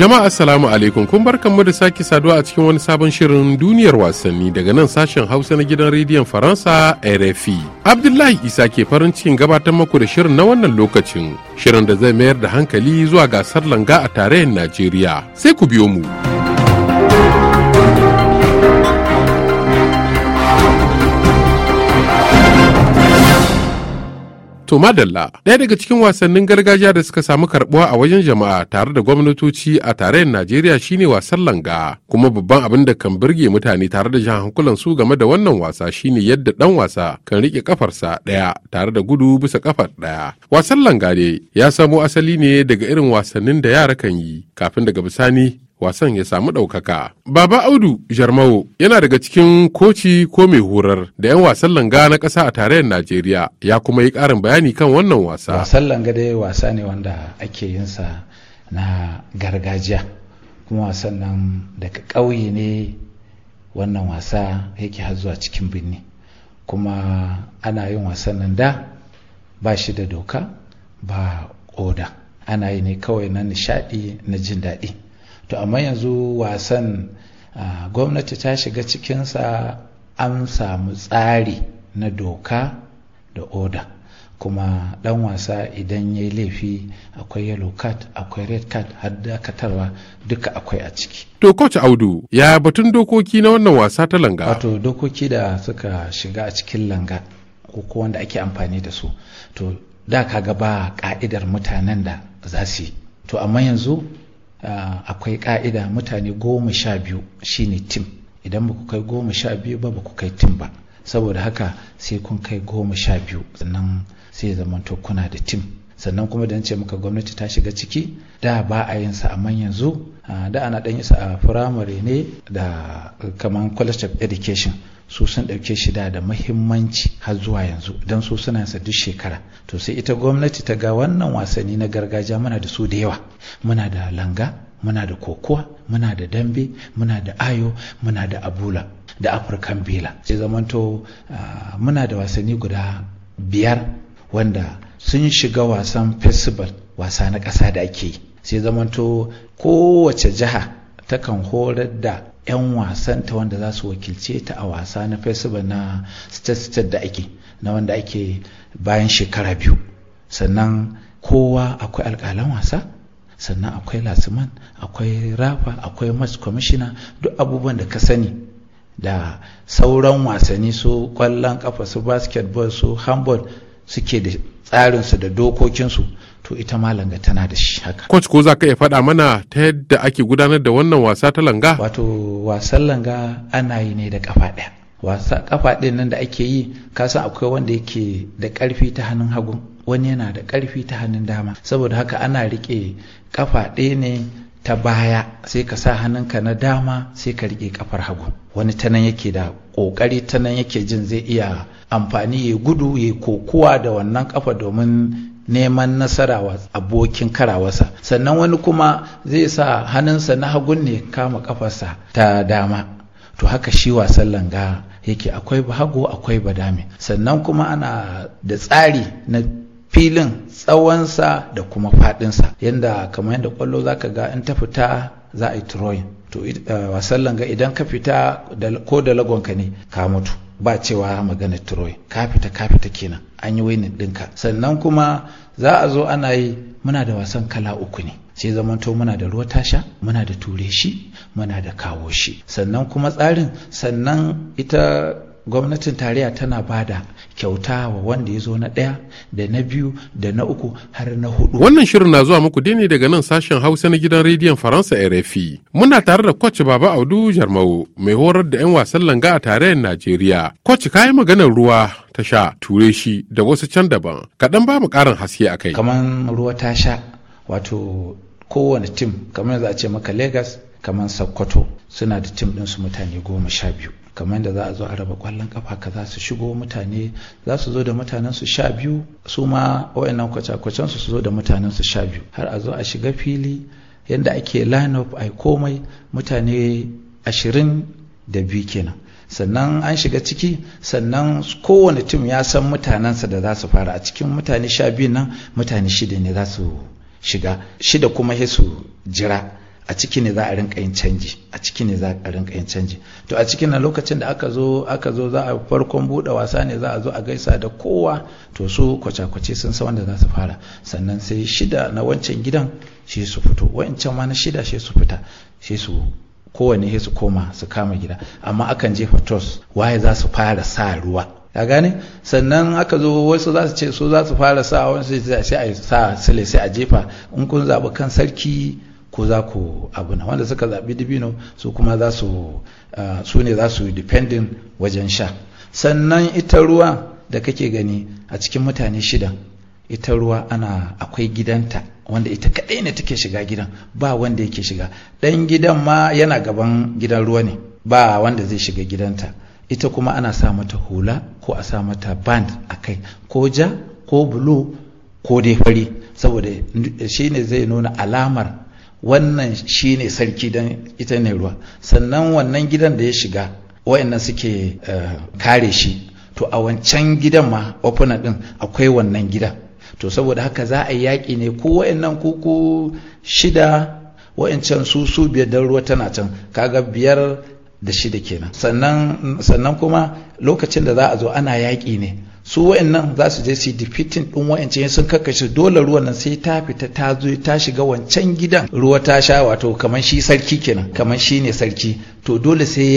Jama'a Assalamu alaikum kun barkan mu da sake saduwa a cikin wani sabon shirin duniyar wasanni daga nan sashen Hausa na gidan rediyon Faransa RFI. Abdullahi Isa ke farin cikin gabatar maku da shirin na wannan lokacin, shirin da zai mayar da hankali zuwa gasar langa a tarayyar Najeriya. Sai ku biyo mu. To madalla ɗaya daga cikin wasannin gargajiya da suka samu karbuwa a wajen jama'a tare da gwamnatoci a tarayyar Najeriya shine wasan langa kuma babban abin da kan burge mutane tare da jan hankulan su game da wannan wasa shine yadda dan wasa kan rike kafarsa ɗaya tare da gudu bisa kafar ɗaya. Wasan langa ne ya samo asali ne daga irin wasannin da yara kan yi kafin daga bisani wasan ya samu ɗaukaka. Baba Audu Jarmawo yana daga cikin koci ko mai horar da 'yan wasan langa na ƙasa a tarayyar Najeriya ya kuma yi ƙarin bayani kan wannan wasa. Wasan langa dai wasa ne wanda ake yin sa na gargajiya kuma wasan nan daga ƙauye ne wannan wasa yake har zuwa cikin birni kuma ana yin wasan nan da ba shi da doka ba oda ana yi ne kawai na nishaɗi na jin daɗi. to amma yanzu wasan gwamnati ta shiga cikinsa an samu tsari na doka da oda kuma dan wasa idan ya yi laifi akwai yalo card akwai red card har dakatarwa duka akwai a ciki. To coach Audu ya batun dokoki na wannan wasa ta langa? Wato dokoki da suka shiga a cikin langa ko wanda ake amfani da su to da kaga ba ka'idar mutanen da za su yi to amma yanzu Ah, akwai ka'ida mutane goma sha biyu shine tim idan ba ku kai goma sha biyu ba ba ku kai tim ba saboda haka sai kun kai goma sha biyu sannan sai zamanto kuna da tim sannan kuma da ce muka gwamnati ta shiga ciki da ba a yin sa amma yanzu ah, da ana dan yi sa a firamare ne da kaman college of education su sun ɗauke shi da da mahimmanci har zuwa yanzu don su suna sa duk shekara to sai ita gwamnati ta ga wannan wasanni na gargajiya muna da su da yawa muna da langa muna da kokowa muna da dambe muna da ayo muna da abula da afirkan bela sai zamanto ah, muna da wasanni guda biyar wanda sun shiga wasan festival wasa na ƙasa da ake yi sai zamanto kowace jiha takan horar da 'yan wasanta wanda za su wakilce ta a wasa na festival na state-state da ake na wanda ake bayan shekara biyu sannan kowa akwai alƙalan wasa sannan akwai lasiman akwai rafa akwai match kwamishina, duk abubuwan da ka sani da sauran wasanni su kwallon kafa su basketball su handball suke da tsarinsu da dokokinsu to ita ma langa tana da shi haka. Coach ko za ka iya faɗa mana ta yadda ake gudanar da wannan wasa ta langa? Wato wasan langa ana yi ne da kafa ɗaya. Wasa kafa ɗin nan da ake yi ka san akwai wanda yake da ƙarfi ta hannun hagu wani yana da ƙarfi ta hannun dama saboda haka ana riƙe kafa ɗaya ne ta baya sai ka sa hannunka na dama sai ka riƙe kafar hagu wani ta nan yake da ƙoƙari ta nan yake jin zai iya amfani ya gudu ya kokuwa da wannan kafa domin neman nasara wa abokin karawarsa sannan wani kuma zai sa hannunsa na hagun ne kama kafarsa ta dama to haka shi wasan langa yake akwai hago akwai badami sannan kuma ana da tsari na filin tsawonsa da kuma faɗinsa yadda kamar yadda kwallo za ka ga in ta fita za a yi turoyin to eh, wasan langa idan ka fita ko da lagonka ne ka mutu ba cewa magana Turoi. ka fita ka fita kenan an yi wainin ɗinka sannan kuma za a zo ana yi muna da wasan kala uku ne sai zamanto muna da ruwa tasha muna da tureshi, muna da kawo shi sannan kuma tsarin sannan ita gwamnatin tarayya tana bada kyauta wa wanda ya zo na ɗaya da na biyu da na uku har na hudu. Wannan shirin na zuwa muku ne daga nan sashen Hausa na gidan rediyon Faransa RFI. Muna tare da Kwaci Baba Audu Jarmau mai horar da 'yan wasan langa a tarayyar Najeriya. Kwaci kayan maganar ruwa ta sha ture shi da wasu can daban. Kaɗan ba mu ƙarin haske a kai. Kaman ruwa ta sha wato kowane tim kamar za a ce maka Legas kamar Sokoto suna da tim ɗinsu mutane goma sha biyu. kamar yadda za a zo a raba kwallon kafa kaza su shigo mutane za su zo da mutanen su sha biyu su ma wayannan kwace-kwacen su su zo da mutanen su sha biyu har a zo a shiga fili yadda ake line up ai komai mutane ashirin da biyu kenan sannan an shiga ciki sannan kowane tim ya san mutanensa da za su fara a cikin mutane sha biyu nan mutane shida ne za su shiga shida kuma su jira a ciki ne za a rinka yin canji a ciki ne za a rinka yin canji to a cikin nan lokacin da aka zo aka zo za a farkon buɗe wasa ne za a zo a gaisa da kowa to su kwace-kwace sun san wanda za su fara sannan sai shida na wancan gidan shi su fito wancan ma na shida shi su fita shi su kowane shi su koma su kama gida amma akan jefa tos waye za su fara sa ruwa ka gane sannan aka zo wasu za su ce su za su fara sa wani sai a sa sile sai a jefa in kun zaɓi kan sarki ko za ku na wanda suka zaɓi dibino su kuma za su su ne za su yi dependent wajen sha sannan ita ruwa da kake gani a cikin mutane shida ita ruwa ana akwai gidanta wanda ita kaɗai ne take shiga gidan ba wanda yake shiga ɗan gidan ma yana gaban gidan ruwa ne ba wanda zai shiga gidanta ita kuma ana sa mata hula ko a sa mata band a kai ko ja ko bulu ko dai fari saboda shi ne zai nuna alamar wannan shi ne sarki don ita ne ruwa sannan wannan gidan da ya shiga wayannan suke eh, kare shi to a wancan gidan ma ofuna din akwai wannan gida to saboda haka za a yi yaƙi ne ko wayannan kuku shida wayancan su su biyar don ruwa tana can kaga biyar da shida kenan sannan kuma lokacin da za a zo ana yaƙi ne su wayannan za su je su defeating din wayancin sun kakkashe dole ruwan nan sai ta fita ta zo ta shiga wancan gidan ruwa ta sha wato kamar shi sarki kenan kamar shi ne sarki to dole sai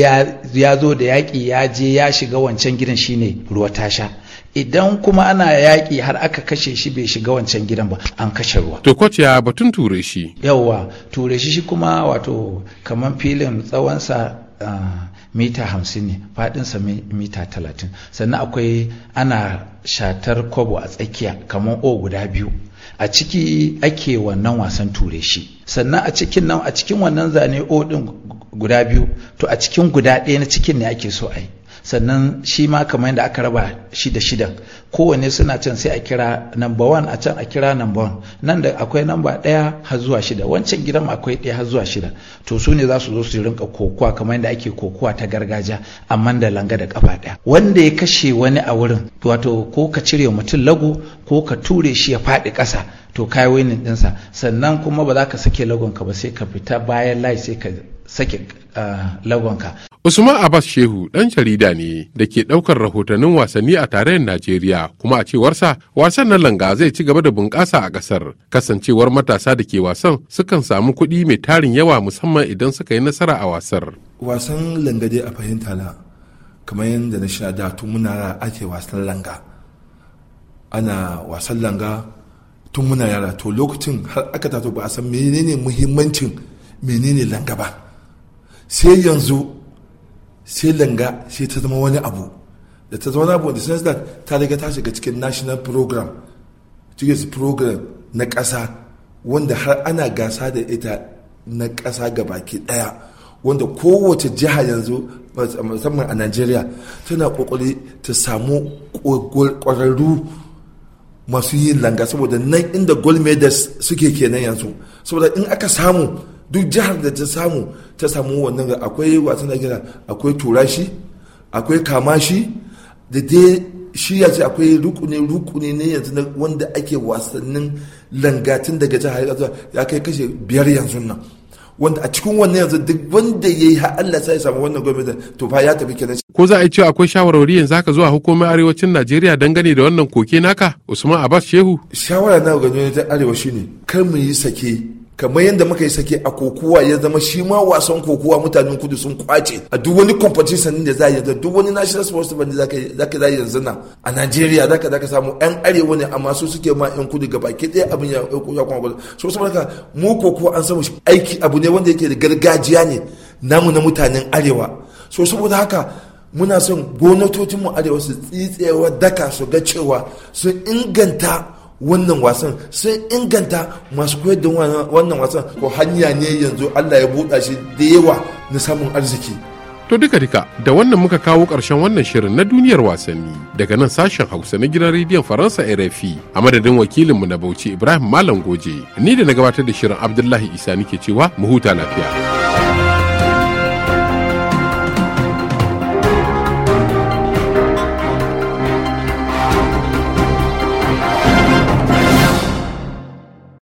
ya zo da yaƙi ya je ya shiga wancan gidan shi ne ruwa ta sha idan kuma ana yaƙi har aka kashe shi bai shiga wancan gidan ba an kashe ruwa. To kwat ya batun ture shi. Yawwa ture shi kuma wato kaman filin tsawonsa ah, mita hamsin ne faɗinsa mita talatin sannan akwai ana shatar kwabo a tsakiya kamar o guda biyu a ciki ake wannan wasan ture shi sannan a cikin nan a cikin wannan zane o din guda biyu to a cikin guda ɗaya na cikin ne ake so a yi sannan shi ma kamar yadda aka raba shi shida shidan kowanne suna can sai a kira number one a can a kira number one nan da akwai namba ɗaya har zuwa shida wancan gidan akwai ɗaya har zuwa shida to su ne za su zo su rinka kokuwa kamar yadda ake kokuwa ta gargajiya amma da langa da kafa ɗaya wanda ya kashe wani a wurin wato ko ka cire mutum lago ko ka ture shi ya faɗi ƙasa to kai winin ɗinsa sannan kuma ba za ka sake lagon ka ba sai ka fita bayan layi sai ka sake eh, lagonka. Usman Abbas Shehu ɗan jarida ne da ke ɗaukar rahotannin wasanni a tarayyar Najeriya kuma a cewarsa wasan na langa zai ci gaba da bunƙasa a ƙasar kasancewar matasa da ke wasan sukan samu kuɗi mai tarin yawa musamman idan suka yi nasara a wasar. Wasan langa dai a fahimta na kamar yadda na sha da tun muna ake wasan langa. Ana wasan langa tun muna yara to lokacin har aka tato ba a san menene muhimmancin menene langa ba. sai yanzu sai langa sai ta zama wani abu da ta zama wani abu da sun that ta riga ta shiga cikin national program cikin program na ƙasa wanda har ana gasa da ita na ƙasa baki ɗaya wanda kowace jiha yanzu musamman a nigeria tana kokari ta samu ƙwararru masu yin langa saboda nan inda gold medals suke kenan yanzu saboda in aka samu duk jihar da ta samu ta samu wannan akwai wasan da gina akwai turashi akwai kamashi da dai shi ya ce akwai rukuni rukuni ne yanzu na wanda ake wasannin langatin daga jihar ya ya kai kashe biyar yanzu nan wanda a cikin wannan yanzu duk wanda ya yi Allah sai ya samu wannan gwamnati to fa ya tafi kenan ko za a yi cewa akwai shawarwari yanzu haka zuwa hukumar arewacin Najeriya dangane da wannan koke naka Usman Abbas Shehu shawara na ga gwamnatin arewa shine kar mu yi sake kamar yadda muka yi sake a kokowa ya zama shi ma wasan kokowa mutanen kudu sun kwace a duk wani competition da za yi yanzu duk wani national sports event da za ka yi yanzu na. a Najeriya za ka za ka samu yan arewa ne amma su suke ma yan kudu gaba ke ɗaya abin ya ya kuma gudu so saboda ka mu kokowa an samu aiki abu ne wanda yake da gargajiya ne namu na mutanen arewa so saboda haka muna son gonatocinmu arewa su tsitsewa daka su ga cewa su inganta wannan wasan sun inganta masu koyar da wannan wasan ko hanya ne yanzu allah ya buɗa shi da yawa na samun arziki To duka duka da wannan muka kawo ƙarshen wannan shirin na duniyar wasanni daga nan sashen Hausa na gidan rediyon Faransa RFI a madadin wakilinmu na Bauchi Ibrahim Malam Goje ni da na gabatar da shirin Abdullahi Isa nake cewa mu huta lafiya.